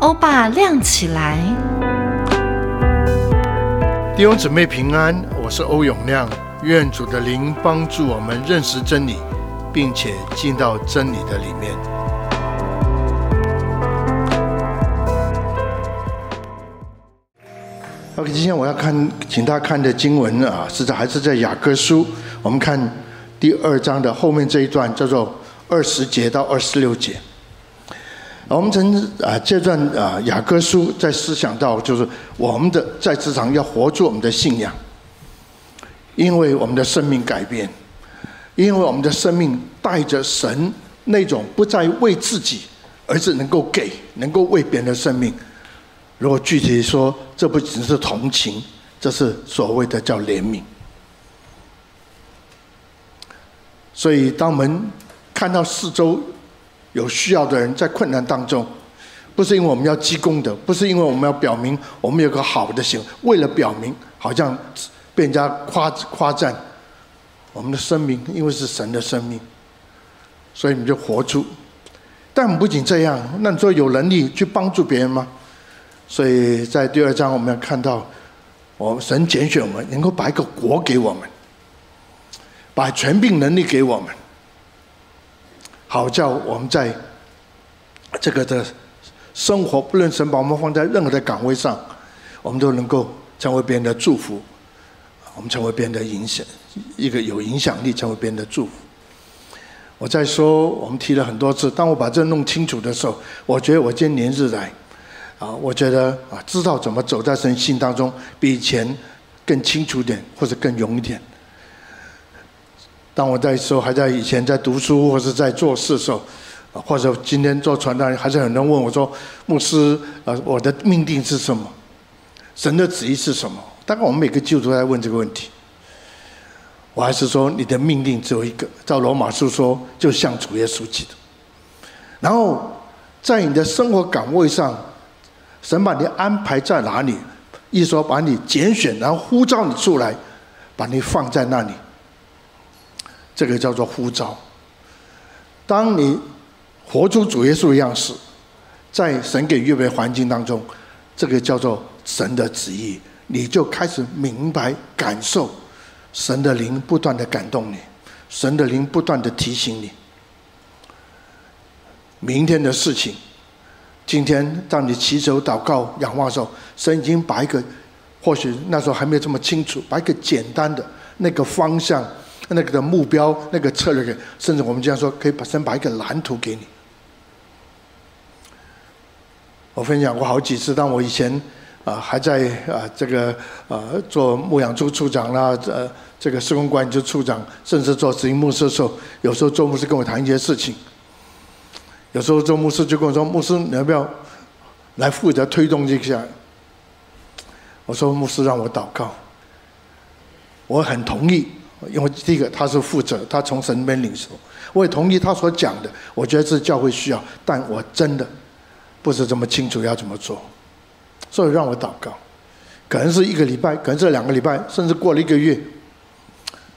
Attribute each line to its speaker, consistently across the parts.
Speaker 1: 歐巴亮起來，弟兄姊妹平安，我是歐永亮，願主的靈幫助我們認識真理，並且進到真理的裡面。OK，今天我要看，請大家看的經文啊，是在還是在雅各書？我們看第二章的後面這一段，叫做二十節到二十六節。我們曾啊，這段啊，雅各書在思想到，就是我們的在職場要活出我們的信仰，因為我們的生命改變，因為我們的生命帶着神那種不再為自己，而是能夠給、能夠為別人的生命。如果具體說，這不只是同情，這是所謂的叫憐憫。所以，當我們看到四周。有需要的人在困難當中，不是因為我們要積功德，不是因為我們要表明我們有個好的行為，為了表明好像被人家誇誇讚我們的生命，因為是神的生命，所以你就活出。但不僅這樣，那你說有能力去幫助別人嗎？所以在第二章我們要看到，我們神揀選我們，能夠把一個國給我們，把權柄能力給我們。好叫我們在這個的生活，不論神把我們放在任何的崗位上，我們都能夠成為別人的祝福，我們成為別人的影響一個有影響力，成為別人的祝福。我再說，我們提了很多次。當我把這弄清楚的時候，我覺得我今年日來啊，我覺得啊，知道怎麼走在神心當中，比以前更清楚點，或者更容易一點。當我在說，還在以前在讀書或是在做事的時候，或者今天做傳單，還是很多人問我說：“牧師，呃，我的命定是什麼？神的旨意是什麼？”大概我們每個基督徒在問這個問題。我還是說，你的命定只有一個。照羅馬書說，就像主耶穌基督。然後在你的生活崗位上，神把你安排在哪裡？一說把你揀選，然後呼召你出來，把你放在那裡。這個叫做呼召。當你活出主耶穌的樣式，在神給預備環境當中，這個叫做神的旨意，你就開始明白，感受神的靈不斷的感動你，神的靈不斷的提醒你，明天的事情。今天當你祈求禱告仰望的時候，神已經把一個，或許那時候還沒有這麼清楚，把一個簡單的那個方向，那個的目標，那個策略，甚至我們這樣說，可以把先把一個藍圖給你。我分享過好幾次，但我以前啊、呃、還在啊、呃、這個啊、呃、做牧養處處長啦、呃，這這個施工管理處處長，甚至做執行牧師的時候，有時候做牧師跟我談一些事情，有時候做牧師就跟我說：“牧師，你要不要來負責推動一下？”我說：“牧師，讓我禱告。”我很同意。因為第一個他是負責，他從神那邊領受。我也同意他所講的，我覺得是教會需要，但我真的不是這麼清楚要怎麼做，所以讓我禱告，可能是一個禮拜，可能是兩個禮拜，甚至過了一個月，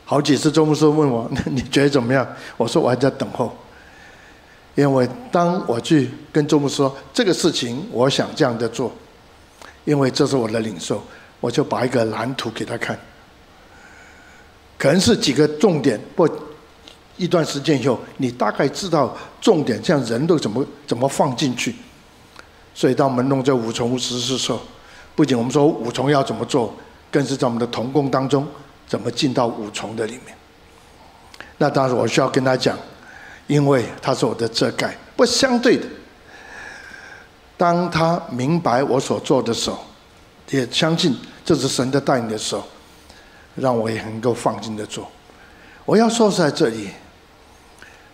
Speaker 1: 好幾次周牧師問我，那你覺得怎麼樣？我說我還在等候，因為當我去跟周牧師說這個事情，我想這樣的做，因為這是我的領受，我就把一個藍圖給他看。可能是幾個重點，或一段時間以後，你大概知道重點，像人都怎麼怎麼放進去。所以當我們弄這五重職事的時候，不僅我們說五重要怎麼做，更是在我們的同工當中怎麼進到五重的裡面。那當然我需要跟他講，因為他是我的遮蓋，不相對的。當他明白我所做的時候，也相信這是神的帶領的時候，讓我也能夠放心的做。我要說在這裡，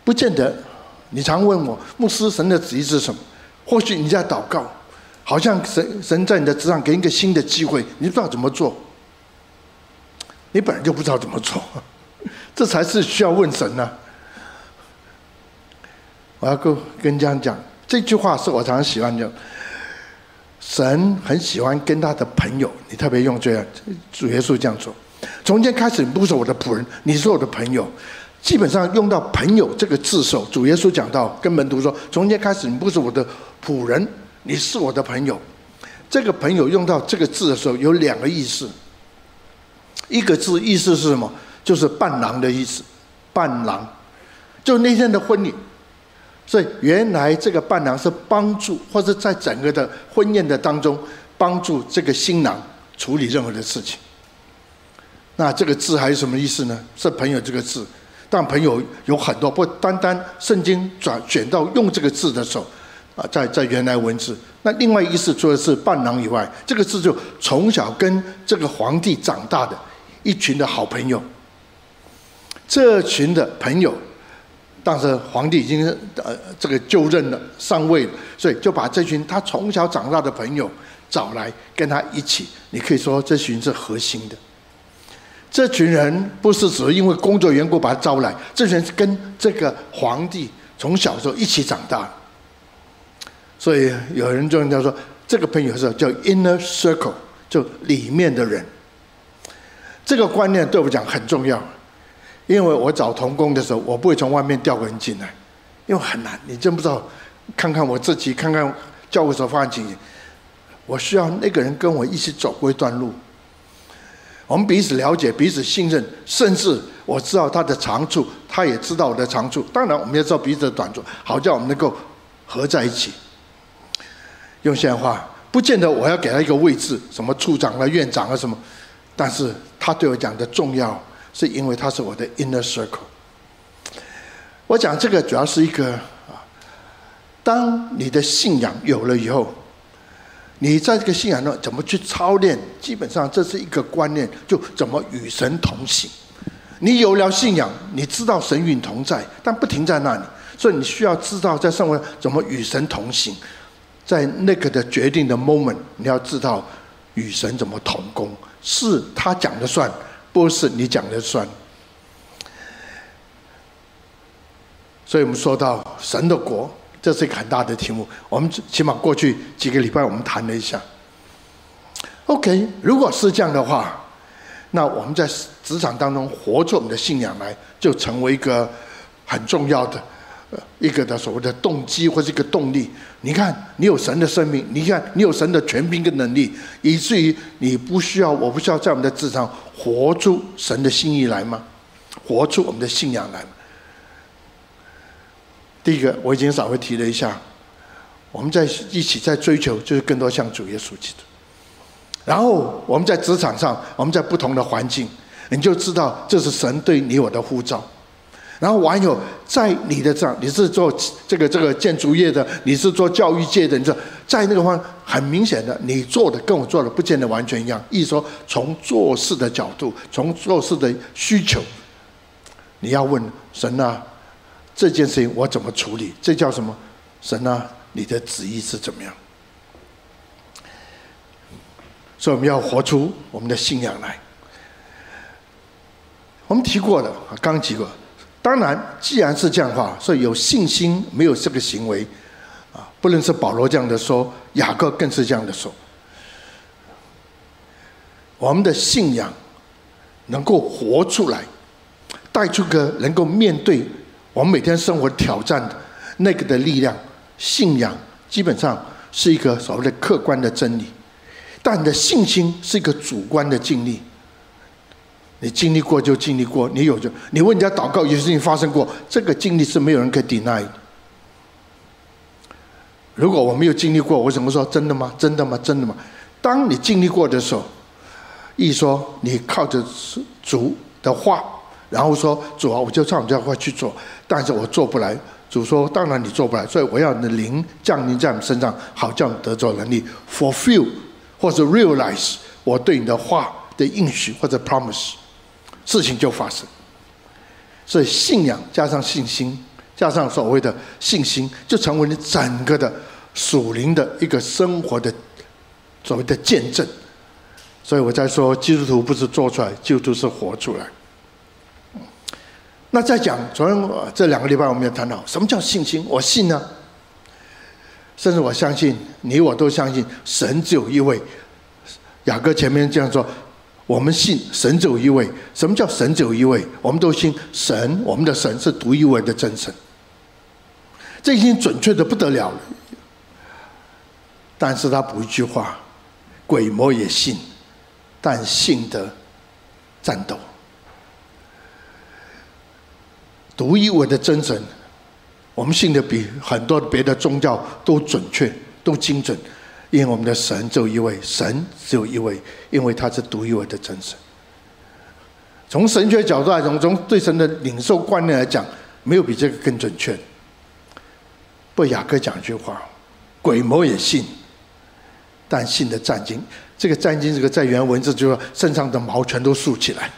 Speaker 1: 不見得。你常問我，牧師神的旨意是什麼？或許你在禱告，好像神神在你的職場給你一個新的機會，你不知道怎麼做。你本來就不知道怎麼做，這才是需要問神呢、啊。我要跟跟人家講，這句話是我常常喜歡講。神很喜歡跟他的朋友，你特別用這樣主耶穌這樣做。從今天開始，你不是我的僕人，你是我的朋友。基本上用到“朋友”這個字時，主耶穌講到，跟門徒說：“從今天開始，你不是我的僕人，你是我的朋友。”這個“朋友”用到這個字的時候，有兩個意思。一個字意思是什麼？就是伴郎的意思。伴郎，就那天的婚禮，所以原來這個伴郎是幫助，或是在整個的婚宴的當中幫助這個新郎處理任何的事情。那這個字還有什麼意思呢？是朋友這個字，但朋友有很多，不單單聖經轉選到用這個字的時候，啊、呃，在在原來文字，那另外意思除了是伴郎以外，這個字就從小跟這個皇帝長大的一群的好朋友，這群的朋友，當時皇帝已經呃這個就任了上位了，所以就把這群他從小長大的朋友找來跟他一起，你可以說這群是核心的。這群人不是只因為工作緣故把他招來，這群人是跟這個皇帝從小時候一起長大，所以有人就人家說，這個朋友是叫 inner circle，就裡面的人。這個觀念對我講很重要，因為我找同工的時候，我不會從外面調個人進來，因為很難，你真不知道。看看我自己，看看教務所發生情形，我需要那個人跟我一起走過一段路。我們彼此了解，彼此信任，甚至我知道他的長處，他也知道我的長處。當然，我們要知道彼此的短處，好叫我們能夠合在一起。用現代話，不見得我要給他一個位置，什麼處長啊、院長啊什麼，但是他對我講的重要，是因為他是我的 inner circle。我講這個主要是一個啊，當你的信仰有了以後。你在這個信仰上怎麼去操練？基本上這是一個觀念，就怎麼與神同行。你有了信仰，你知道神與同在，但不停在那裡，所以你需要知道在生活怎麼與神同行。在那個的決定的 moment，你要知道與神怎麼同工，是他講的算，不是你講的算。所以，我們說到神的國。這是一個很大的題目。我們起碼過去幾個禮拜，我們談了一下。OK，如果是這樣的話，那我們在職場當中活出我們的信仰來，就成為一個很重要的一個的所謂的動機或是一個動力。你看，你有神的生命，你看，你有神的權柄跟能力，以至於你不需要，我不需要在我們的職場活出神的心意來嗎？活出我們的信仰來第一個我已經稍微提了一下，我們在一起在追求就是更多像主耶穌基督。然後我們在職場上，我們在不同的環境，你就知道這是神對你我的呼召。然後還有在你的這，你是做這個這個建築業的，你是做教育界的，你在在那個方很明顯的，你做的跟我做的不見得完全一樣。意思說，從做事的角度，從做事的需求，你要問神啊。這件事情我怎麼處理？這叫什麼？神啊，你的旨意是怎麼樣？所以我們要活出我們的信仰來。我們提過的，剛提過。當然，既然是這樣的話，所以有信心沒有這個行為，啊，不論是保羅這樣的說，雅各更是這樣的說，我們的信仰能夠活出來，帶出個能夠面對。我們每天生活挑戰的那個的力量，信仰，基本上是一個所謂的客觀的真理，但你的信心是一個主觀的經歷。你經歷過就經歷過，你有就你問人家禱告，有事情發生過，這個經歷是沒有人可以 deny。如果我沒有經歷過，我怎麼說真的嗎？真的嗎？真的嗎？當你經歷過的時候，一說你靠着主的話。然後說主啊，我就照你這樣會去做，但是我做不來。主說，當然你做不來，所以我要你的靈降臨在你身上，好叫你得着能力 fulfill 或者 realize 我對你的話的應許或者 promise，事情就發生。所以信仰加上信心加上所謂的信心，就成為你整個的屬靈的一個生活的所謂的見證。所以我在說基督徒不是做出來，基督徒是活出來。那再講，昨天我這兩個禮拜，我們要談到什麼叫信心？我信呢、啊？甚至我相信，你我都相信神只有一位。雅各前面這樣說，我們信神只有一位。什麼叫神只有一位？我們都信神，我們的神是獨一無二的真神。這已經準確的不得了了。但是他補一句話：鬼魔也信，但信的戰鬥。獨一無二的真神，我們信的比很多別的宗教都準確、都精準，因為我們的神只有一位，神只有一位，因為他是獨一無二的真神。從神學角度來講，從對神的領受觀念來講，沒有比這個更準確。不，雅各講一句話，鬼魔也信，但信的戰驚。這個戰驚，這個在原文字就是說，身上的毛全都豎起來，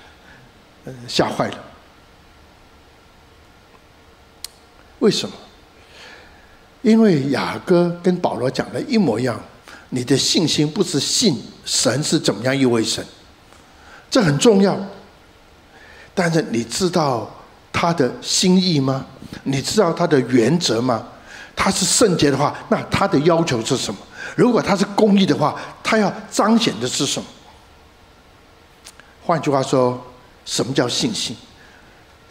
Speaker 1: 呃，嚇壞了。為什麼？因為雅各跟保羅講的一模一樣，你的信心不是信神是怎麼樣一位神，這很重要。但是你知道他的心意嗎？你知道他的原則嗎？他是聖潔的話，那他的要求是什麼？如果他是公義的話，他要彰顯的是什麼？換句話說，什麼叫信心？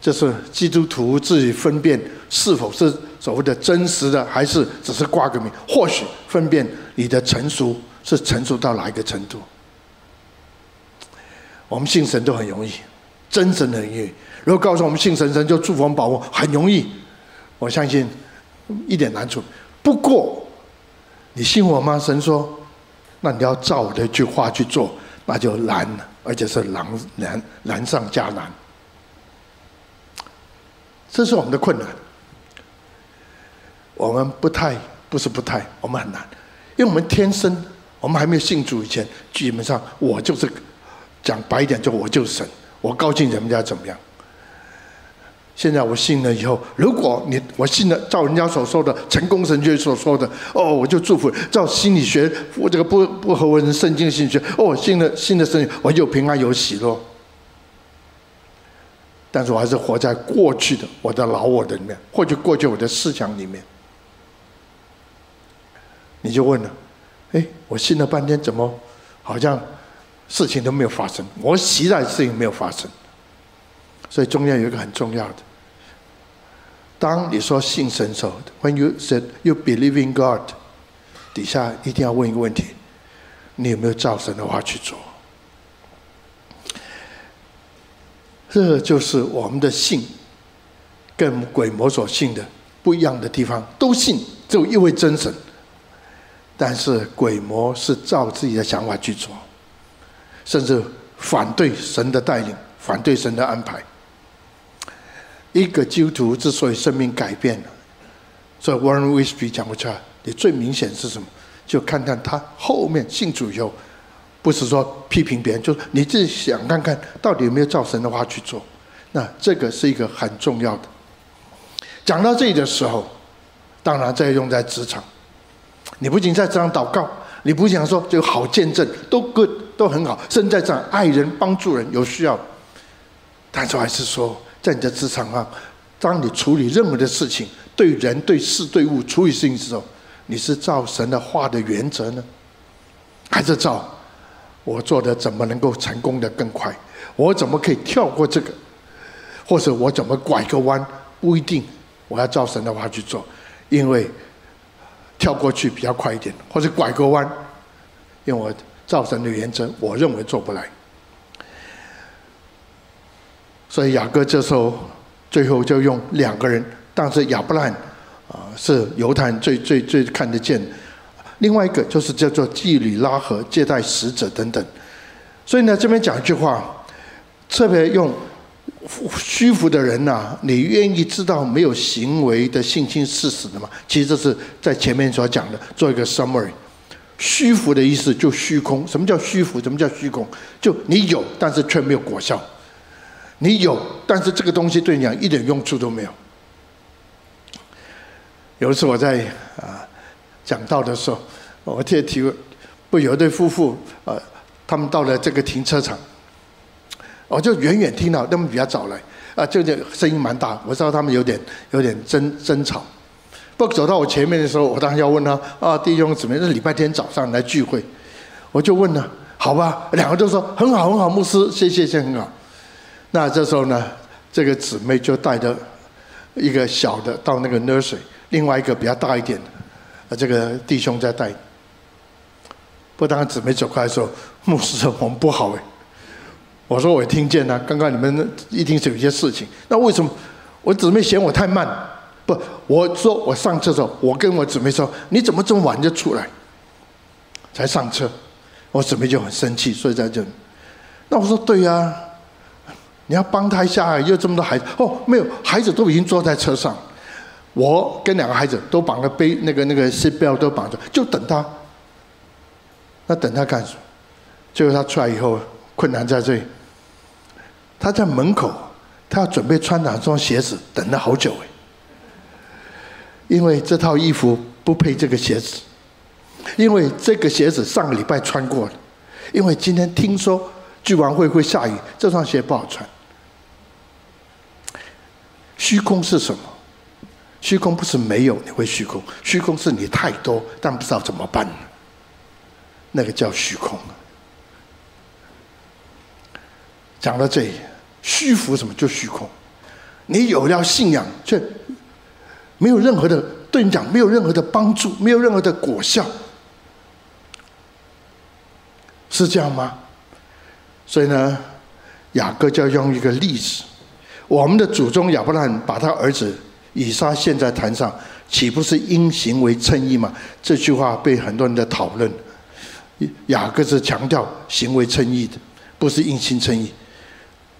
Speaker 1: 就是基督徒自己分辨是否是所謂的真實的，還是只是掛個名。或許分辨你的成熟是成熟到哪一個程度。我們信神都很容易，真神很容易。如果告訴我們信神神就祝福我們、保護，很容易，我相信一點難處。不過，你信我嗎？神說，那你要照我的一句話去做，那就難，而且是難難難上加難。這是我們的困難，我們不太，不是不太，我們很難，因為我們天生，我們還沒有信主以前，基本上我就是講白一點，就我就是神，我高興人家怎麼樣。現在我信了以後，如果你，我信了，照人家所說的，成功神學所說的，哦，我就祝福；照心理學，我這個不，不合文神聖經的心理學，哦，我信了信了神，我就平安有喜樂。但是我還是活在過去的我的老我的裡面，或者過去我的思想裡面。你就問了，哎，我信了半天，怎麼好像事情都沒有發生？我期待事情沒有發生。所以中間有一個很重要的，當你說信神的時候，When you said you believe in God，底下一定要問一個問題：你有沒有照神的話去做？這就是我們的信，跟鬼魔所信的不一樣的地方。都信只有一位真神，但是鬼魔是照自己的想法去做，甚至反對神的帶領，反對神的安排。一個基督徒之所以生命改變了，所以 Warren Wiersbe 講不出來，你最明顯是什麼？就看看他後面信主以後。不是說批評別人，就是你自己想看看到底有沒有照神的話去做。那這個是一個很重要的。講到這裡的時候，當然在用在職場，你不僅在職場禱告，你不想說就好見證都 good 都很好，甚至在這愛人幫助人有需要，但是我還是說在你的職場上，當你處理任何的事情，對人對事對物處理事情的時候，你是照神的話的原則呢，還是照？我做的怎麼能夠成功的更快？我怎麼可以跳過這個，或者我怎麼拐個彎？不一定，我要照神的話去做，因為跳過去比較快一點，或者拐個彎，用我照神的原則，我認為做不來。所以雅各這時候最後就用兩個人當時，但是亞伯蘭啊是猶太人最最最最看得見。另外一個就是叫做妓女喇合、接待使者等等。所以呢，這邊講一句話，特別用虛浮的人吶、啊，你願意知道沒有行為的信心是死的嗎？其實這是在前面所講的做一個 summary。虛浮的意思就虛空，什麼叫虛浮？什麼叫虛空？就你有，但是卻沒有果效。你有，但是這個東西對你一點用處都沒有。有一次我在啊。講道的時候，我特提問，不有一對夫婦，呃，他們到了這個停車場，我就遠遠聽到，他們比較早來，啊、呃，就這聲音蠻大，我知道他們有點有點爭爭吵。不過，走到我前面的時候，我當然要問他，啊，弟兄姊妹是禮拜天早上來聚會，我就問了，好吧，兩個都說很好很好，牧師，謝謝，謝，謝很好。那這時候呢，這個姊妹就帶着一個小的到那個 nursery，另外一個比較大一點的。啊，這個弟兄在帶你，不，當姊妹走開的時候，牧師說我們不好哎。我說我聽見了，啊，剛剛你們一定是有一些事情。那為什麼我姊妹嫌我太慢？不，我說我上車的時候，我跟我姊妹說，你怎麼這麼晚就出來？才上車，我姊妹就很生氣，所以在這裡。那我說對呀，啊，你要幫她一下，又這麼多孩子。哦，沒有，孩子都已經坐在車上。我跟兩個孩子都綁了背那個那個絲 l 都綁着，就等他。那等他幹什麼？最後他出來以後，困難在這裡。他在門口，他要準備穿哪雙鞋子？等了好久，因為這套衣服不配這個鞋子，因為這個鞋子上個禮拜穿過了，因為今天聽說聚完會會下雨，這雙鞋不好穿。虛空是什麼？虛空不是沒有，你會虛空。虛空是你太多，但不知道怎麼辦，那個叫虛空。講到這裡，虛浮什麼就虛空？你有了信仰，卻沒有任何的對你講，沒有任何的幫助，沒有任何的果效，是這樣嗎？所以呢，雅各就用一個例子：我們的祖宗亞伯拉罕把他兒子。以撒獻在壇上，豈不是因行為稱義嗎？這句話被很多人在討論。雅各是強調行為稱義的，不是因信稱義。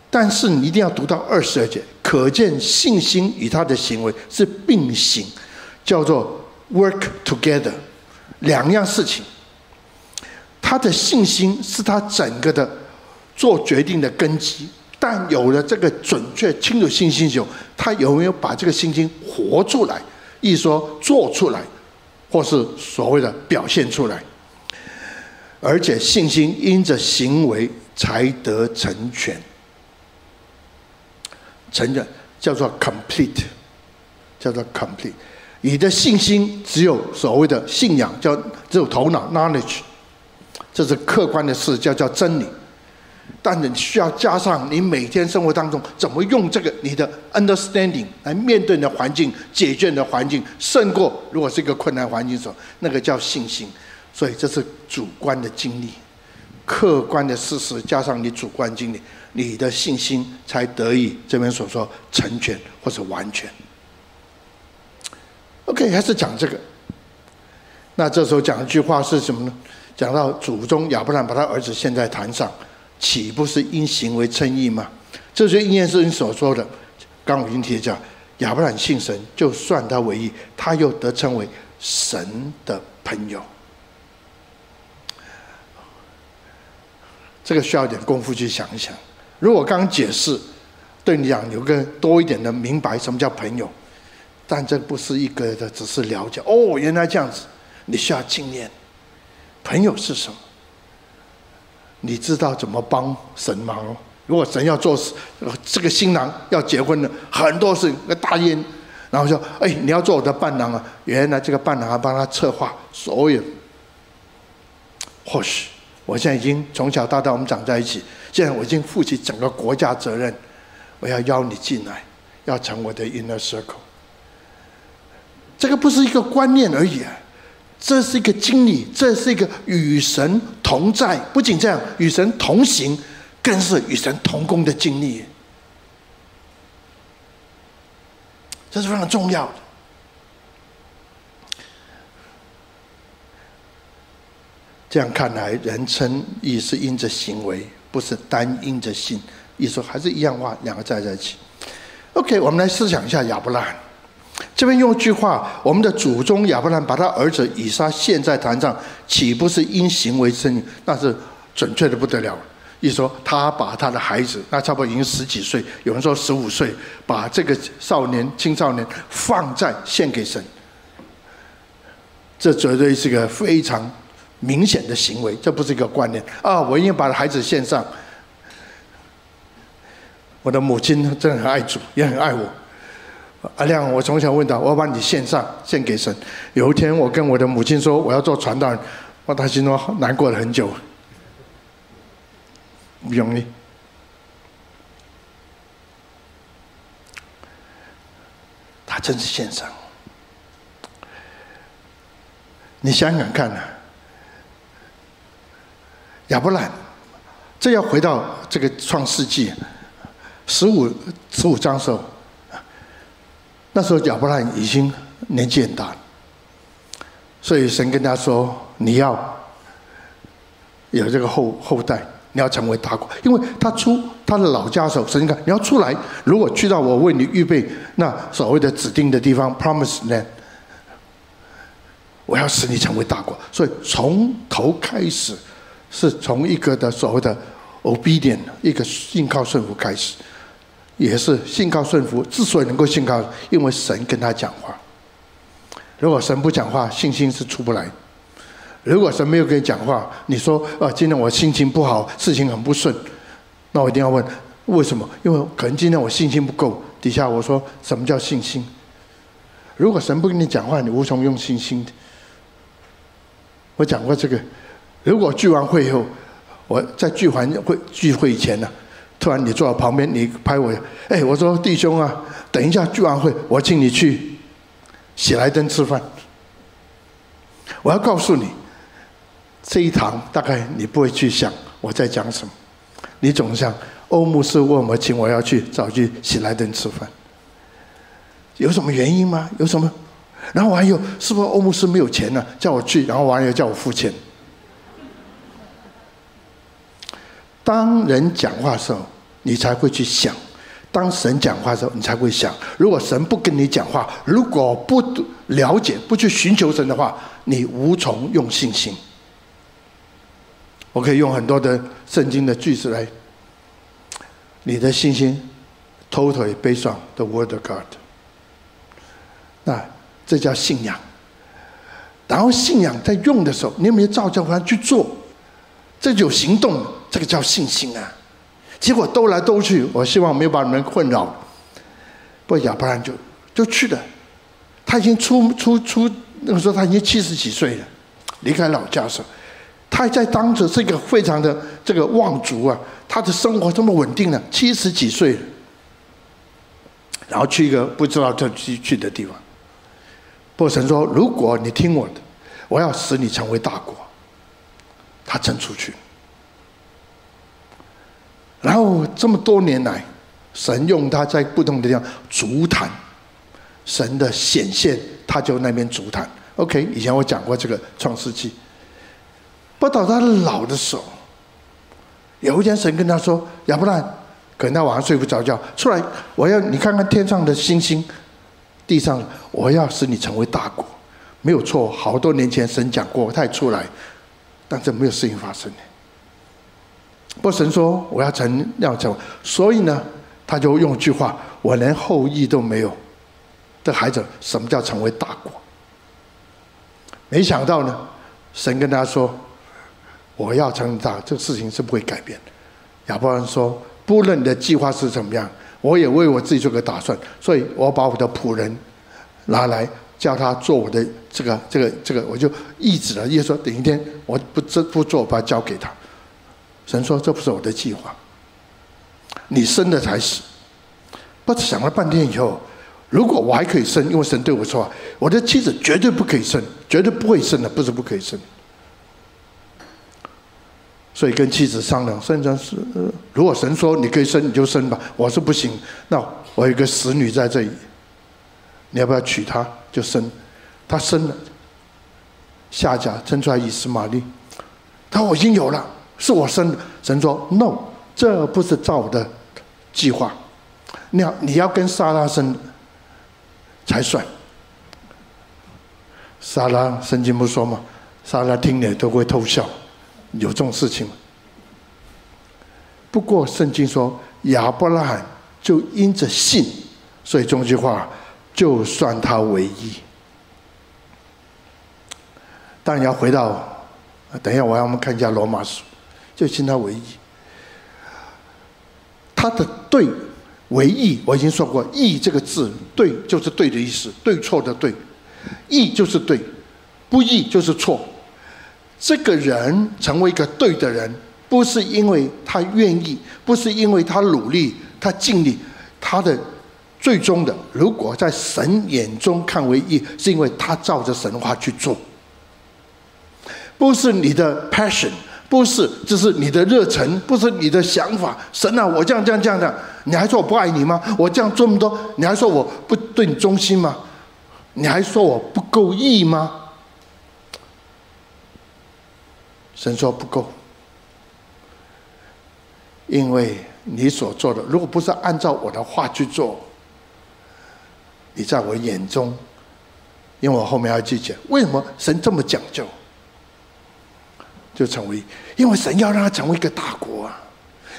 Speaker 1: 但是你一定要讀到二十二節，可見信心與他的行為是並行，叫做 work together，兩樣事情。他的信心是他整個的做決定的根基。但有了這個準確、清楚信心的時候，他有沒有把這個信心活出來？一說做出來，或是所謂的表現出來，而且信心因着行為才得成全，成全叫做 complete，叫做 complete。你的信心只有所謂的信仰，叫只有頭腦 knowledge，這是客觀的事，叫叫真理。但你需要加上你每天生活當中怎麼用這個你的 understanding 來面對你的環境、解決你的環境，勝過如果是一個困難環境的時候，那個叫信心。所以這是主觀的經歷，客觀的事實加上你主觀經歷，你的信心才得以這邊所說成全或者完全。OK，還是講這個。那這時候講一句話是什麼呢？講到祖宗亞伯蘭把他兒子獻在壇上，豈不是因行為稱義嗎？這就應驗經上所說的。剛，剛我已經提到，亞伯蘭信神，就算他為義，他又得稱為神的朋友。這個需要點功夫去想一想。如果剛解釋對你講，有個多一點的明白什麼叫朋友，但這不是一個的，只是了解。哦，原來這樣子，你需要經驗。朋友是什麼？你知道怎麼幫神忙，如果神要做，這個新郎要結婚了，很多事答應然後說：“哎、欸，你要做我的伴郎啊！”原來這個伴郎要幫他策劃所有。或許我現在已經從小到大我們長在一起，現在我已經負起整個國家責任，我要邀你進來，要成我的 inner circle。這個不是一個觀念而已啊。這是一個經歷，這是一個與神同在。不僅這樣，與神同行，更是與神同工的經歷。這是非常重要的。這樣看來，人稱義是因着行為，不是單因着信。意思是還是一樣話，兩個在在一起。OK，我們來思想一下亞伯拉罕。這邊用一句話，我們的祖宗亞伯蘭把他兒子以撒獻在壇上，豈不是因行為稱義？那是準確的不得了。意思說，他把他的孩子，那差不多已經十幾歲，有人說十五歲，把這個少年、青少年放在獻給神，這絕對是個非常明顯的行為。這不是一個觀念啊、哦！我應該把孩子獻上，我的母親真的很愛主，也很愛我。阿亮，我從小問他，我要把你獻上，獻給神。有一天，我跟我的母親說我，我要做傳道人，他心中難過了很久。不容易。他真是獻上。你想想看吶、啊，亞伯蘭，這要回到這個創世紀十五十五章的時候。那時候，亞伯拉罕已經年紀很大，所以神跟他說：“你要有這個後後代，你要成為大國，因為他出他的老家的時候，神跟他，你要出來，如果去到我為你預備那所謂的指定的地方 （promised land），我要使你成為大國。所以從頭開始，是從一個的所謂的 obedient 一個信靠順服開始。”也是信靠順服，之所以能夠信靠，因為神跟他講話。如果神不講話，信心是出不來。如果神沒有跟你講話，你說啊，今天我心情不好，事情很不順，那我一定要問為什麼？因為可能今天我信心不夠。底下我說什麼叫信心？如果神不跟你講話，你無從用信心。我講過這個，如果聚完會以後，我在聚完會聚會以前呢、啊？突然，你坐到旁邊，你拍我，哎、欸，我說弟兄啊，等一下聚完會，我請你去喜來登吃飯。我要告訴你，這一堂大概你不會去想我在講什麼，你總想歐牧師問我，請我要去找去喜來登吃飯，有什麼原因嗎？有什麼？然後我還有，是不是歐牧師沒有錢了、啊？叫我去，然後我還有叫我付錢。當人講話的時候，你才會去想；當神講話的時候，你才會想。如果神不跟你講話，如果不了解、不去尋求神的話，你無從用信心。我可以用很多的聖經的句子來，你的信心 totally based on the word of God，那這叫信仰。然後信仰在用的時候，你有沒有照著它去做？這就有行動。這個叫信心啊！結果兜來兜去，我希望我沒有把你們困擾了，不過亞伯蘭就就去了。他已經出出出，出，那個時候他已經七十幾歲了。離開老家的時候，他還在當着這個非常的這個望族啊，他的生活這麼穩定了，七十幾歲了，然後去一個不知道要去去的地方。不過神說：“如果你聽我的，我要使你成為大國。”他真出去。然後這麼多年來，神用他在不同的地方築壇，神的顯現，他就那邊築壇。OK，以前我講過這個創世記，不到他的老的時候。有一天，神跟他說：“要不然，可能他晚上睡不着覺，出來，我要你看看天上的星星，地上我要使你成為大國，沒有錯。好多年前神講過，他也出來，但這沒有事情發生的。”不神說我要成要成，所以呢，他就用一句話：我連後裔都沒有，這孩子什麼叫成為大國？沒想到呢，神跟他說：我要成大，這事情是不會改變的。亞伯蘭說：不論你的計劃是怎麼樣，我也為我自己做個打算，所以我把我的僕人拿來，叫他做我的這個這個這個，我就抑制了，也說等一天我不這不,不做，把它交給他。神說：“這不是我的計劃，你生的才是。”不，想了半天以後，如果我還可以生，因為神對我說：“我的妻子絕對不可以生，絕對不會生的，不是不可以生。”所以跟妻子商量，商量是：如果神說你可以生，你就生吧。我說不行，那我有一個使女在這裡，你要不要娶她？就生，她生了，夏甲生出來以實瑪利，她說：“我已經有了。”是我生神，神說 No，這不是照的計劃，你要你要跟撒拉生才算。撒拉聖經不說嗎？撒拉聽了都會偷笑，有這種事情嗎？不過聖經說亞伯拉罕就因着信，所以這句話就算他唯一。當然要回到，等一下我讓我們看一下羅馬書。就稱他為義，他的對為義，我已經說過義這個字，對就是對的意思，對錯的對，義就是對，不義就是錯。這個人成為一個對的人，不是因為他願意，不是因為他努力，他盡力，他的最終的，如果在神眼中看為義，是因為他照着神話去做，不是你的 passion。不是，這是你的熱忱，不是你的想法。神啊，我這樣這樣這樣的，你還說我不愛你嗎？我這樣做這麼多，你還說我不對你忠心嗎？你還說我不夠義嗎？神說不夠，因為你所做的，如果不是按照我的話去做，你在我眼中，因為我後面要去講為什麼神這麼講究？就成為，因為神要讓他成為一個大國啊，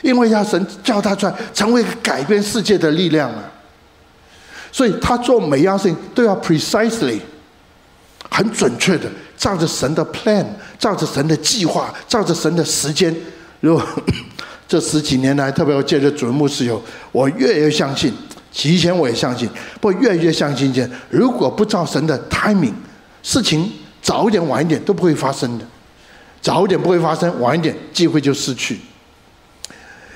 Speaker 1: 因為要神叫他出來，成為一個改變世界的力量啊。所以他做每一樣事情都要 precisely，很準確的照着神的 plan，照着神的計劃，照着神的時間。如果呵呵這十幾年來，特別我借著主任牧師以後，我越來越相信，以前我也相信，不越來越相信，就是如果不照神的 timing，事情早一點晚一點都不會發生的。早一點不會發生，晚一點機會就失去。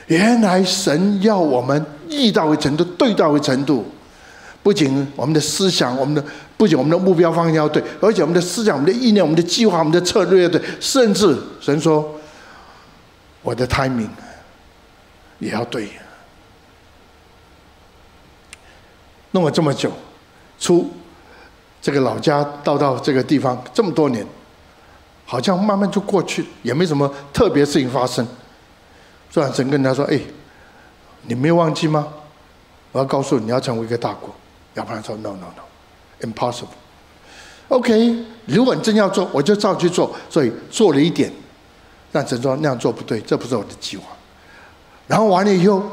Speaker 1: 原來神要我們意到一個程度，對到一個程度，不僅我們的思想，我們的不僅我們的目標方向要對，而且我們的思想、我們的意念、我們的計劃、我們的策略要對，甚至神說：“我的 timing 也要對。”弄了這麼久，出這個老家到到這個地方這麼多年。好像慢慢就過去，也沒什麼特別事情發生。所以神跟他說：“哎，你沒有忘記嗎？我要告訴你，你要成為一個大國。說”亞伯蘭說：“No, no, no, impossible. OK，如果你真要做，我就照去做。所以做了一點，但神說，那樣做不對，這不是我的計劃。然後完了以後，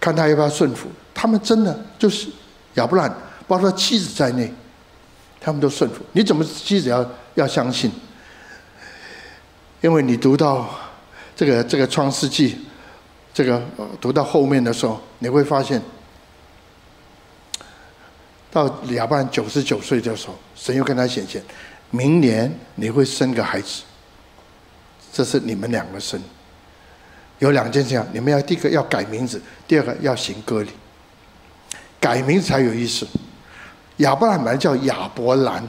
Speaker 1: 看他要不要順服。他們真的就是亞伯蘭，包括他妻子在內，他們都順服。你怎麼妻子要？”要相信，因為你讀到這個這個創世紀，這個讀到後面的時候，你會發現，到亞伯蘭99歲的時候，神又跟他顯現，明年你會生個孩子，這是你們兩個生。有兩件事情，你們要第一個要改名字，第二個要行割禮，改名字才有意思，亞伯拉罕本來叫亞伯蘭。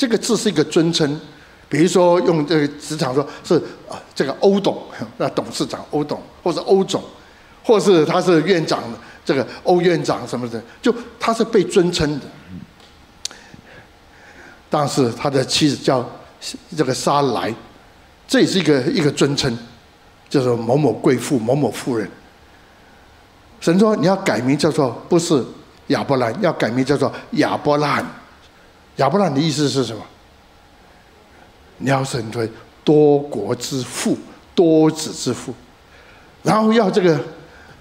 Speaker 1: 這個字是一個尊稱，比如說用這個職場說，是啊，這個歐董，那董事長歐董，或者歐總，或是他是院長，這個歐院長什麼的，就他是被尊稱的。但是他的妻子叫這個撒萊，這也是一個一個尊稱，就是某某貴婦、某某夫人。神說，你要改名叫做不是亞伯蘭，要改名叫做亞伯拉罕。亞伯拉罕的意思是什麼？你要成為多國之父、多子之父，然後要這個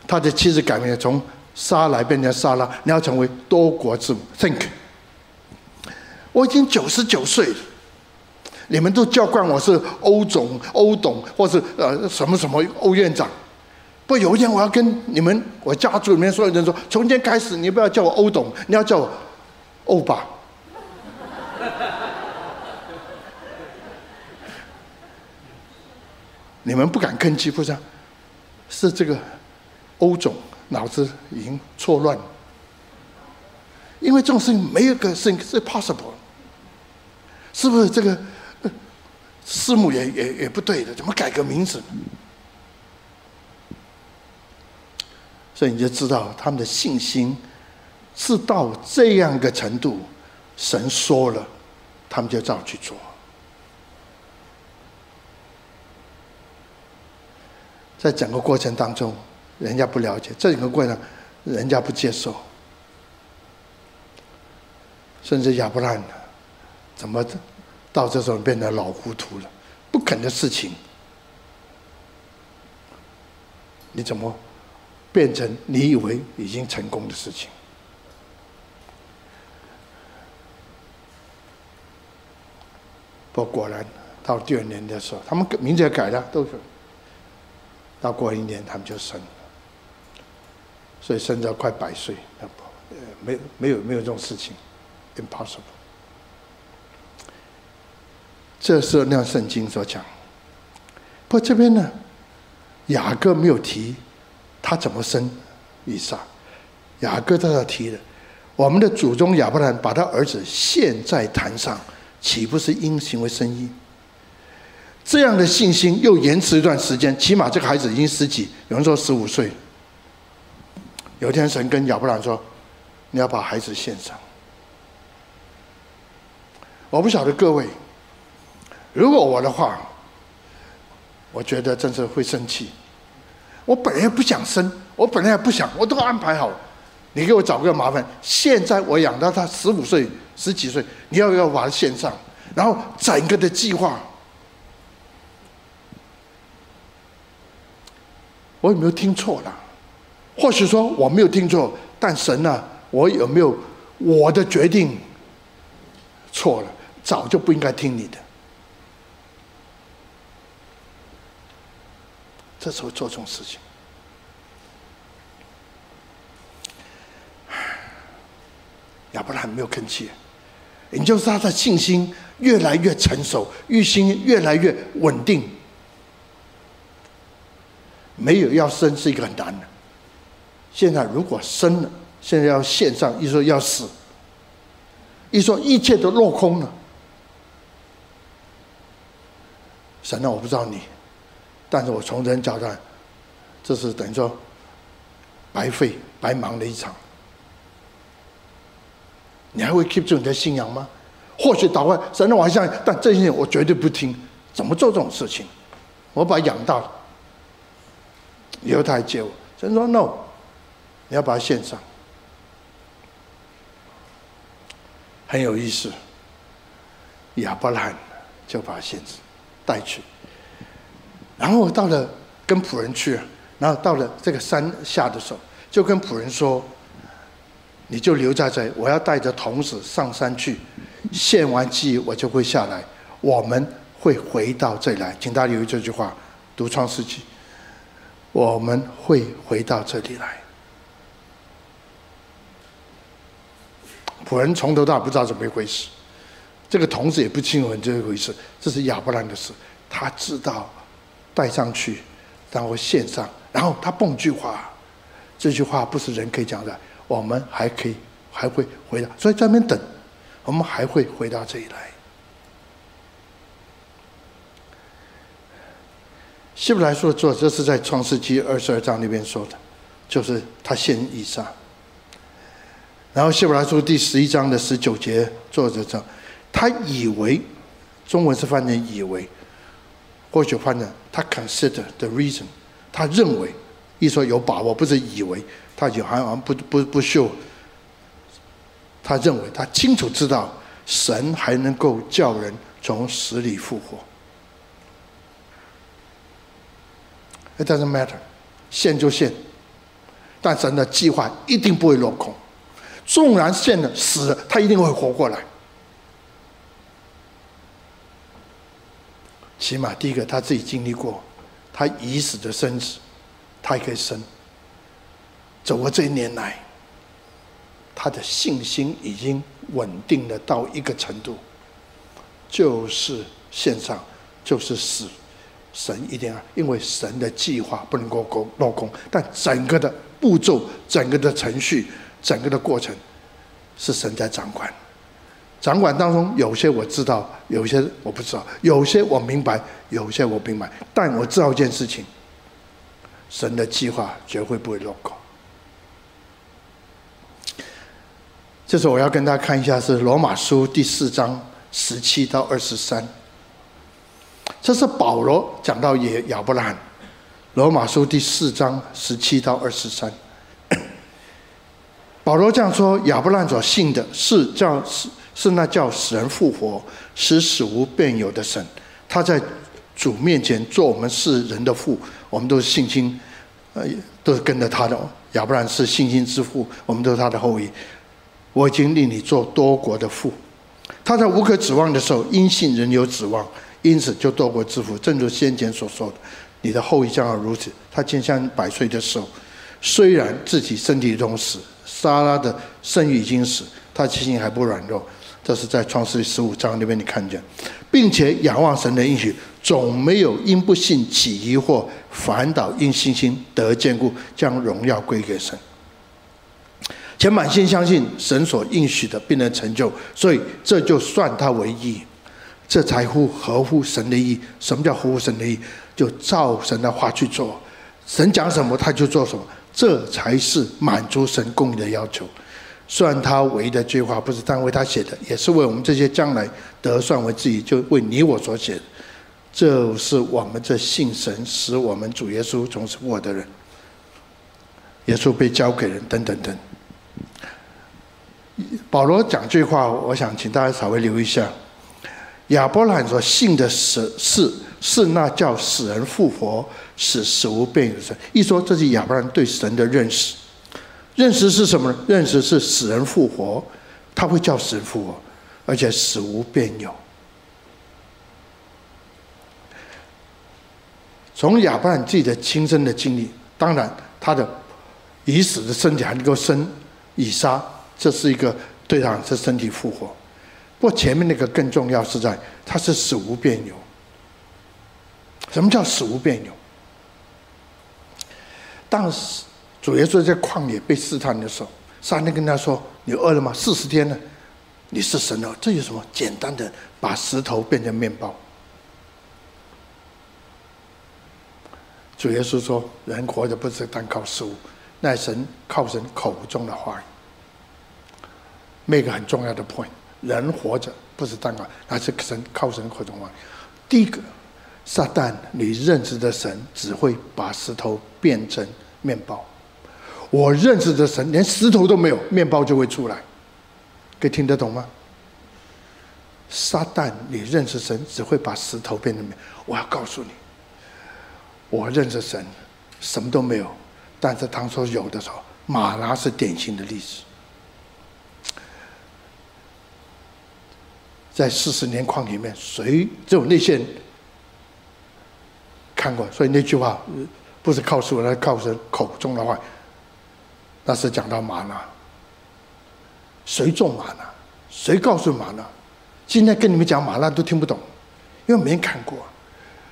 Speaker 1: 他的妻子改名，從莎萊變成莎拉。你要成為多國之母。Think，我已經九十九歲了，你們都叫慣我是歐總、歐董，或是呃什麼什麼歐院長。不，有一天我要跟你們，我家族裡面所有人說，從今天開始，你不要叫我歐董，你要叫我歐巴。你們不敢吭氣，不是？是這個歐總腦子已經錯亂，因為這種事情沒有一個 thing 是 possible，是不是？這個師母也也也不對的，怎麼改個名字？所以你就知道他們的信心是到這樣一個程度，神說了，他們就照去做。在整個過程當中，人家不了解，整個過程，人家不接受，甚至亞伯拉罕，怎麼到這時候變得老糊塗了？不肯的事情，你怎麼變成你以為已經成功的事情？不過果然，到第二年的時候，他們名字也改了，都是。到過一年，他們就生了，所以生在快百歲，呃，沒有沒有沒有這種事情，impossible。這是那樣聖經所講，不過這邊呢，雅各沒有提他怎麼生以撒，雅各都在這提的，我們的祖宗亞伯蘭把他兒子獻在壇上，豈不是因行為生義？這樣的信心又延遲一段時間，起碼這個孩子已經十幾，有人說十五歲。有一天，神跟亞伯蘭說：“你要把孩子獻上。”我不曉得各位，如果我的話，我覺得真是會生氣。我本來不想生，我本來也不想，我都安排好了，你給我找個麻煩。現在我養到他十五歲、十幾歲，你要不要把他獻上？然後整個的計劃。我有沒有聽錯了？或許說我沒有聽錯，但神呢、啊？我有沒有我的決定錯了？早就不應該聽你的。這時候做這種事情，亞伯蘭沒有吭氣，也就是他的信心越來越成熟，信心越來越穩定。沒有要生是一個很難的。現在如果生了，現在要獻上，一說要死，一說一切都落空了。神啊，我不知道你，但是我從人角度，這是等於說白費、白忙了一場。你還會 keep 住你的信仰嗎？或許禱告神的，我還相信，但這些我絕對不聽。怎麼做這種事情？我把養大猶太借我，神說 “no”，你要把它獻上，很有意思。亞伯拉罕就把信帶去，然後我到了跟僕人去，然後到了這個山下的時候，就跟僕人說：“你就留在這裡，我要帶着童子上山去獻完祭，我就會下來。我們會回到這裡來，請大家留意這句話，讀創世記。”我們會回到這裡來。僕人從頭到尾不知道怎麼一回事，這個童子也不清楚這一回事，這是亞伯蘭的事。他知道帶上去，然後獻上，然後他蹦句話，這句話不是人可以講的。我們還可以還會回來，所以在那邊等，我們還會回到這裡來。希伯來書的作者是在創世記二十二章裡邊說的，就是他獻以撒。然後希伯來書第十一章的十九節作者稱，他以為，中文是翻譯以為，或許翻譯他 consider the reason，他認為，一說有把握不是以為，他就好像不不不，不秀，他認為他清楚知道神還能夠叫人從死裡復活。It doesn't matter，獻就獻，但神的計劃一定不會落空。縱然獻了死了，他一定會活過來。起碼第一個他自己經歷過，他已死的生死，他也可以生。走過這一年來，他的信心已經穩定了到一個程度，就是獻上，就是死。神一定要，因為神的計劃不能夠夠落空，但整個的步驟、整個的程序、整個的過程，是神在掌管。掌管當中，有些我知道，有些我不知道，有些我明白，有些我不明白。但我知道一件事情，神的計劃絕會不會落空。這時候，我要跟大家看一下，是羅馬書第四章十七到二十三。這是保羅講到也亞伯蘭，羅馬書第四章十七到二十三，保羅這樣說：亞伯蘭所信的是叫是是那叫死人復活、使死無變有的神。他在主面前做我們世人的父，我們都是信心，呃，都是跟着他的。亞伯蘭是信心之父，我們都是他的後裔。我已經令你做多國的父。他在無可指望的時候，因信仍有指望。因此就多國之父，正如先前所說的，你的後裔將要如此。他將近百歲的時候，雖然自己身體中死，撒拉的生育已經死，他心情還不軟弱。這是在創世記十五章裡面你看見，並且仰望神的應許，總沒有因不信起疑惑，反倒因信心得堅固，將榮耀歸給神。且滿心相信神所應許的必能成就，所以這就算他為義。這才符合乎神的意。什麼叫合乎神的意？就照神的話去做，神講什麼他就做什麼，這才是滿足神公義的要求。算他為義的這句話不是單為他寫的，也是為我們這些將來得算為自己就為你我所寫的。這是我們這信神、使我們主耶穌從死復活的人，耶穌被交給人，等等等。保羅講這話，我想請大家稍微留意一下。亞伯蘭所信的神是是那叫死人復活，使死,死無變有神。一說這是亞伯蘭對神的認識，認識是什麼？認識是死人復活，他會叫死人復活，而且死無變有。從亞伯蘭自己的親身的經歷，當然他的已死的身體還能夠生以撒這是一個對他的身體復活。不過前面那個更重要是在，他是死無變有。什麼叫死無變有？當時主耶穌在曠野被試探的時候，撒但跟他說：“你餓了嗎？”四十天了，你是神哦，這有什麼簡單的把石頭變成麵包？主耶穌說：“人活着不是單靠食物，乃是神靠神口中的話語。”make 個很重要的 point。人活着不是單靠，而是神靠神活的嘛。第一個，撒旦，你認識的神只會把石頭變成麵包。我認識的神連石頭都沒有，麵包就會出來，可以聽得懂嗎？撒旦，你認識神只會把石頭變成面。我要告訴你，我認識神什麼都沒有，但是他說有的時候，馬拉是典型的例子。在四十年曠野裡面，誰，只有那些人看過？所以那句話不是靠書來告訴口中的話，那是講到嗎哪，誰種嗎哪？誰告訴嗎哪？今天跟你們講嗎哪都聽不懂，因為沒人看過。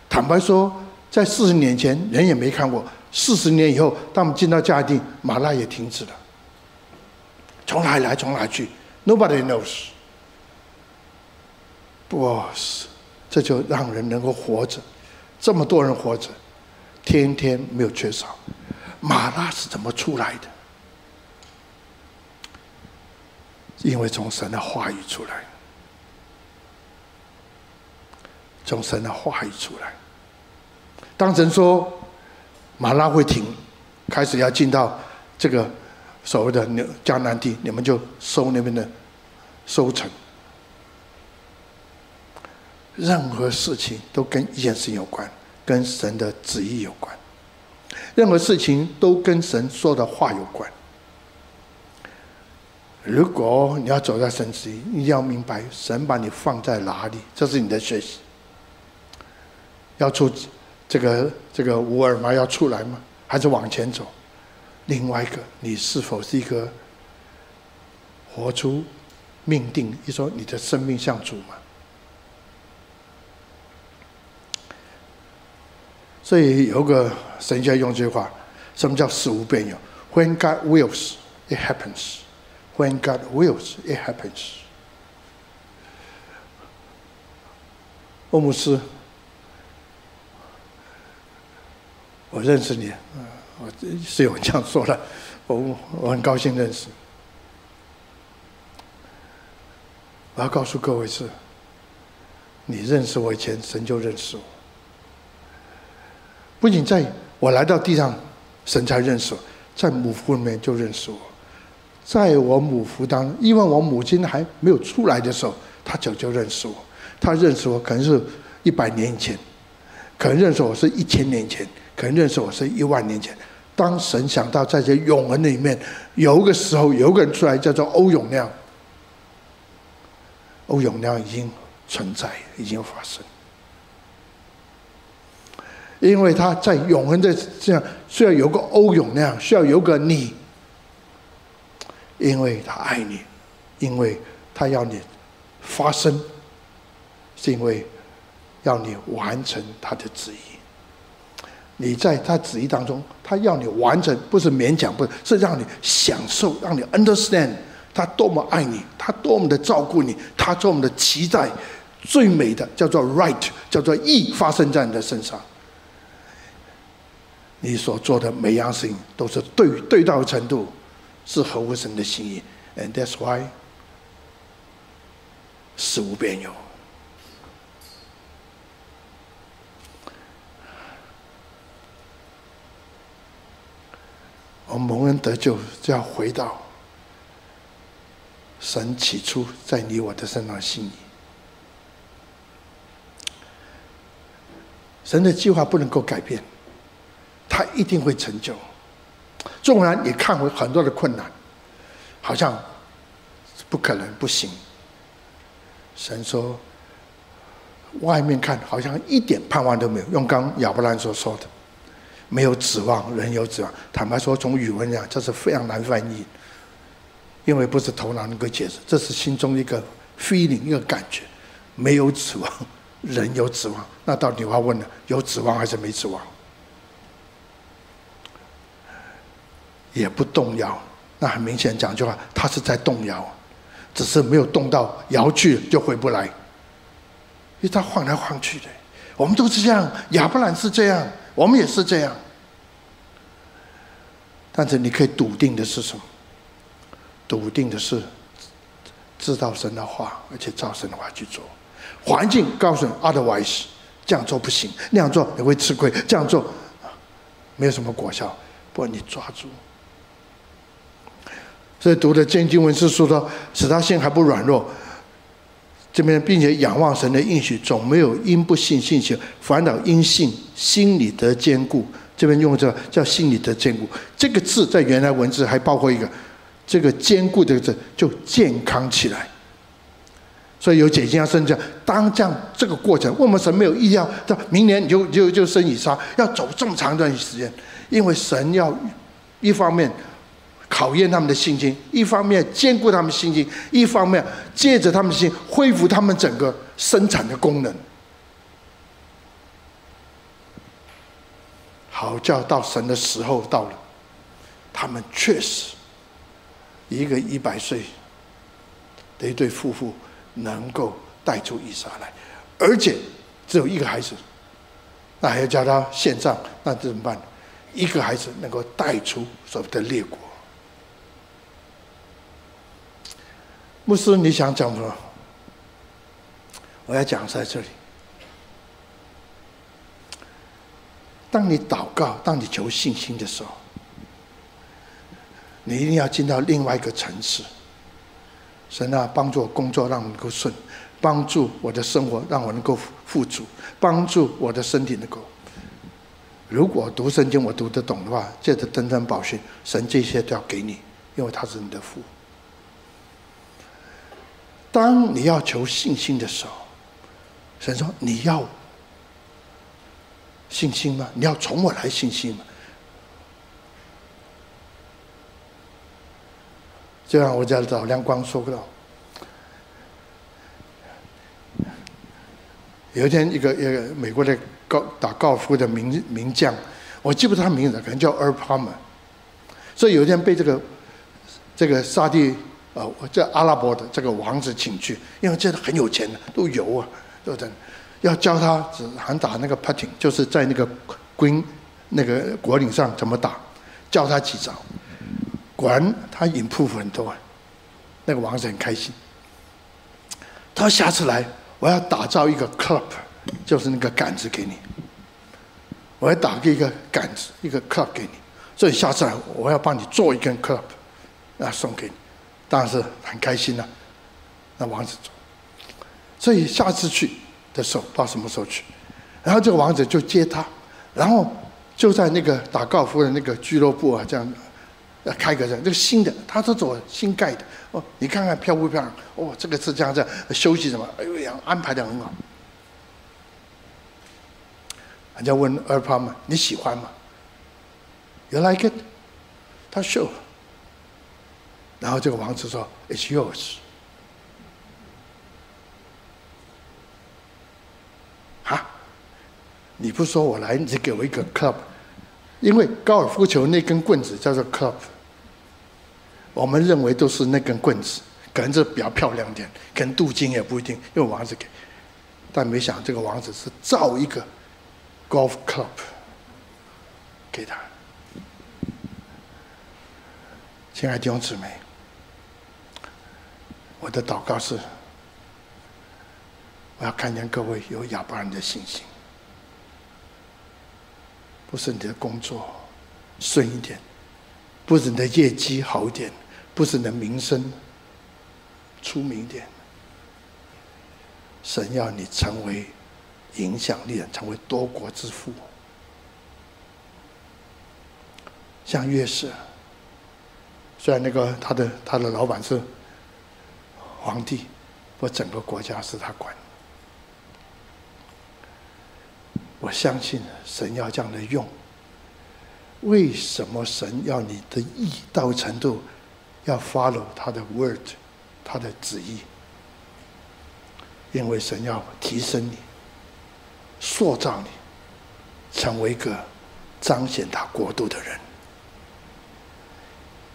Speaker 1: 坦白說，在四十年前人也沒看過。四十年以後，當我們進到迦南，嗎哪也停止了。從哪來，來？從哪去？Nobody knows。不是，這就讓人能夠活着。這麼多人活着，天天沒有缺少。嗎哪是怎麼出來的？因為從神的話語出來，從神的話語出來。當神說嗎哪會停，開始要進到這個所謂的迦南地，你們就收那邊的收成。任何事情都跟一件事情有關，跟神的旨意有關。任何事情都跟神說的話有關。如果你要走在神旨意，你要明白神把你放在哪裡，這是你的學習。要出這個這個沃爾瑪要出來嗎？還是往前走？另外一個，你是否是一個活出命定？你說你的生命像主嗎？所以有個神學用這句話：“什麼叫事無變有？When God wills, it happens. When God wills, it happens.” 歐姆斯，我認識你，我是有這樣說的，我我很高興認識。我要告訴各位是，你認識我以前，神就認識我。不僅在我來到地上，神才認識我；在母腹裡面就認識我；在我母腹當，因為我母親還沒有出來的時候，他早就，就認識我。他認識我，可能是一百年前，可能認識我是一千年前，可能認識我是一萬年前。當神想到在這永恆裡面，有個時候，有個人出來，叫做歐永亮，歐永亮已經存在，已經發生。因為他在永恆的這樣需要有個歐永那樣需要有個你，因為他愛你，因為他要你發生，是因為要你完成他的旨意。你在他旨意當中，他要你完成，不是勉強，不是，是讓你享受，讓你 understand 他多麼愛你，他多麼的照顧你，他多麼的期待，最美的叫做 right，叫做義，發生在你的身上。你所做的每樣事情都是對對到的程度，是合乎神的心意，and that's why 事無邊有。我們蒙恩得救，就要回到神起初在你我的身上的心意。神的計劃不能夠改變。他一定會成就，縱然你看過很多的困難，好像不可能不行。神說，外面看好像一點盼望都沒有。用剛亞伯蘭所說的，沒有指望，人有指望。坦白說，從語文講，這是非常難翻譯，因為不是頭腦能夠解釋，這是心中一個 feeling 一個感覺，沒有指望，人有指望。那到底我要問呢，有指望還是沒指望？也不動搖，那很明顯講句話，他是在動搖，只是沒有動到搖去就回不來，因為他晃來晃去的。我們都是這樣，亞伯蘭是這樣，我們也是這樣。但是你可以篤定的是什麼？篤定的是知道神的話，而且照神的話去做。環境告訴你，otherwise 這樣做不行，那樣做你會吃虧，這樣做沒有什麼果效，不過你抓住。在讀的聖經文字說到，使他心還不軟弱。這邊並且仰望神的應許，總沒有因不信信心煩惱，因信心裡得堅固。這邊用這叫心裡得堅固。這個字在原來文字還包括一個，這個堅固的字就健康起來。所以有解經家甚至講，當這樣這個過程，為什麼神沒有意料，明年就就就生以撒，要走這麼長一段時間，因為神要一方面。考驗他們的信心，一方面兼顧他們的信心，一方面借着他們的心恢復他們整個生產的功能，好叫到神的時候到了，他們確實一個一百歲的一對夫婦能夠帶出以撒來，而且只有一個孩子，那還要叫他獻上，那這怎麼辦？一個孩子能夠帶出所謂的列國。牧師，你想講什麼？我要講在這裡。當你禱告、當你求信心的時候，你一定要進到另外一個層次。神啊，幫助我工作讓我能夠順，幫助我的生活讓我能夠富足，幫助我的身體能夠。如果讀聖經我讀得懂的話，這是登山寶訓，神這些都要給你，因為他是你的父。當你要求信心的時候，神說：“你要信心嗎？你要從我來信心嗎？”就樣我講老梁，光說到。有一天，一個一個美國的高打高爾夫的名名將，我記不住他名字，可能叫阿爾帕瑪。所以有一天被這個這個沙地。呃、哦，我叫阿拉伯的這個王子請去，因為這很有錢的，都有啊等等，要教他只喊打那個 putting，就是在那個 green 那個果嶺上怎麼打，教他幾招。果然他 improve 很多，啊，那個王子很開心。他說下次來我要打造一個 club，就是那個桿子給你，我要打個一個桿子一個 club 給你，所以下次來我要幫你做一根 club，啊送給你。當然是很開心了，啊，那王子走。所以下次去的時候，到什麼時候去？然後這個王子就接他，然後就在那個打高爾夫的那個俱樂部啊，這樣，呃，開個這樣，這個新的，他是做新蓋的哦，你看看漂不漂亮？哦，這個是這樣子，休息什麼？哎呦，呀，安排得很好。人家問二胖嘛，你喜歡嗎？You like it？他瘦然後這個王子說：“It's yours。”啊，你不說我來，你給我一個 club，因為高爾夫球那根棍子叫做 club。我們認為都是那根棍子，可能這比較漂亮點，可能鍍金也不一定，因為王子給。但沒想這個王子是造一個 golf club 給他。親愛的弟兄姊妹。我的禱告是：我要看見各位有亞伯蘭的信心，不是你的工作順一點，不是你的業績好一點，不是你的名聲出名一點。神要你成為影響力，成為多國之父，像約瑟。雖然那個他的他的老闆是。皇帝或整個國家是他管的。我相信神要這樣的用。為什麼神要你的意到程度，要 follow 他的 word，他的旨意？因為神要提升你，塑造你，成為一個彰顯他國度的人。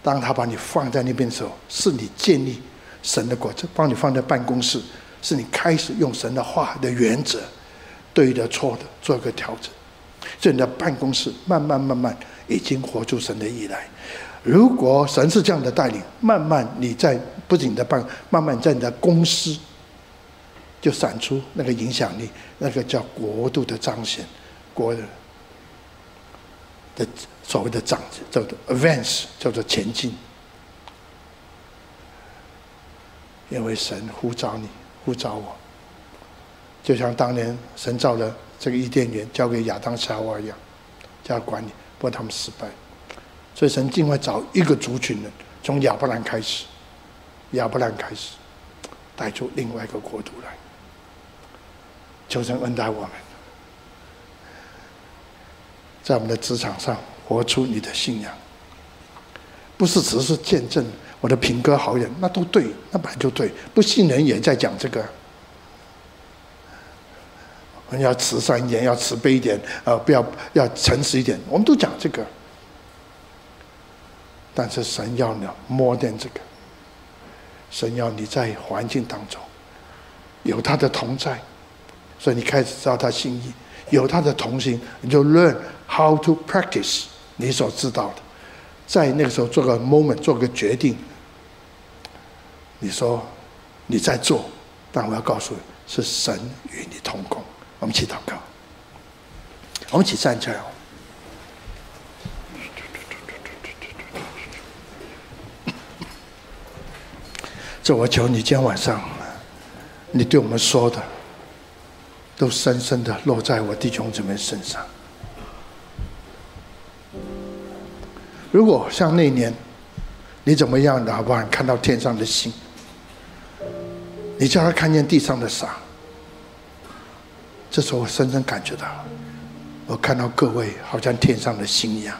Speaker 1: 當他把你放在那邊的時候，是你建立。神的國，子幫你放在辦公室，是你開始用神的話的原則，對的錯的做一個調整，所以你的辦公室慢慢慢慢已經活出神的意來。如果神是這樣的帶領，慢慢你在不僅的辦，慢慢在你的公司就閃出那個影響力，那個叫國度的彰顯，國的，的所謂的長叫做 advance，叫做前進。因為神呼召你，呼召我，就像當年神造了這個伊甸園，交給亞當、夏娃一樣，叫他管理。不過他們失敗，所以神盡快找一個族群人，從亞伯蘭開始，亞伯蘭開始帶出另外一個國度來。求神恩待我們，在我們的職場上活出你的信仰，不是只是見證。我的品格好一點，那都對，那本來就對。不信人也在講這個，要慈善一點，要慈悲一點，呃，不要要誠實一點，我們都講這個。但是神要你 more than 這個，神要你在環境當中有他的同在，所以你開始知道他心意，有他的同行，你就 learn how to practice 你所知道的，在那個時候做個 moment 做個決定。你說，你在做，但我要告訴你，是神與你同工。我們一起禱告，我們一起站起來，哦。這我求你，今天晚上，你對我們說的，都深深的落在我弟兄姊妹身上。如果像那一年，你怎麼樣哪怕看到天上的星。你叫他看見地上的傘。這時候我深深感覺到，我看到各位好像天上的星一樣，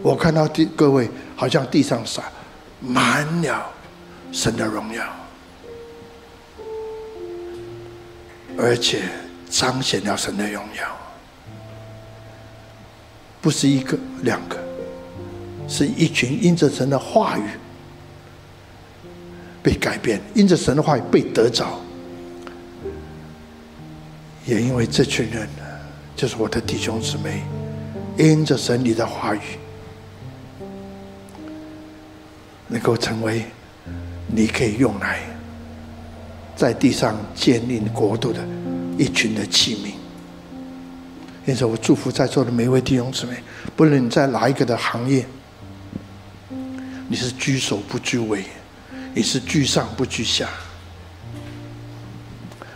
Speaker 1: 我看到地各位好像地上灑滿了神的榮耀，而且彰顯了神的榮耀，不是一個兩個，是一群因着神的話語被改變，因着神的話語被得着，也因為這群人，就是我的弟兄姊妹，因着神祢的話語，能夠成為你可以用來在地上建立國度的一群的器皿。因此，我祝福在座的每一位弟兄姊妹，不論你在哪一個的行業，你是居首不居尾。你是居上不居下，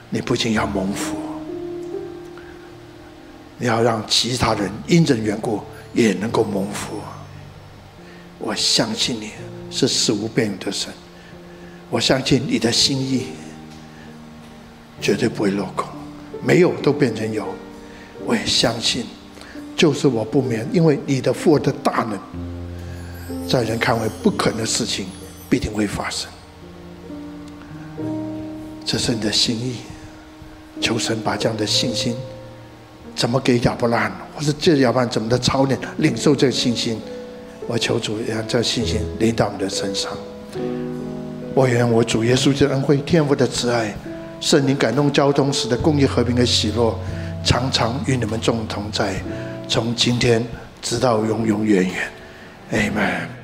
Speaker 1: 你不僅要蒙福，你要讓其他人因人緣故也能夠蒙福。我相信你是使無變有的神，我相信你的心意絕對不會落空，沒有都變成有。我也相信，就是我不免，因為你的父的大能，在人看為不可能的事情，必定會發生，這是你的心意。求神把這樣的信心，怎麼給亞伯拉罕？或是這亞伯蘭怎麼的操練領受這個信心？我求主讓這個信心臨到你的身上。我願我主耶穌的恩惠、天父的慈愛、聖靈感動交通時的公義和平的喜樂，常常與你們眾同在，從今天直到永永遠遠。阿門。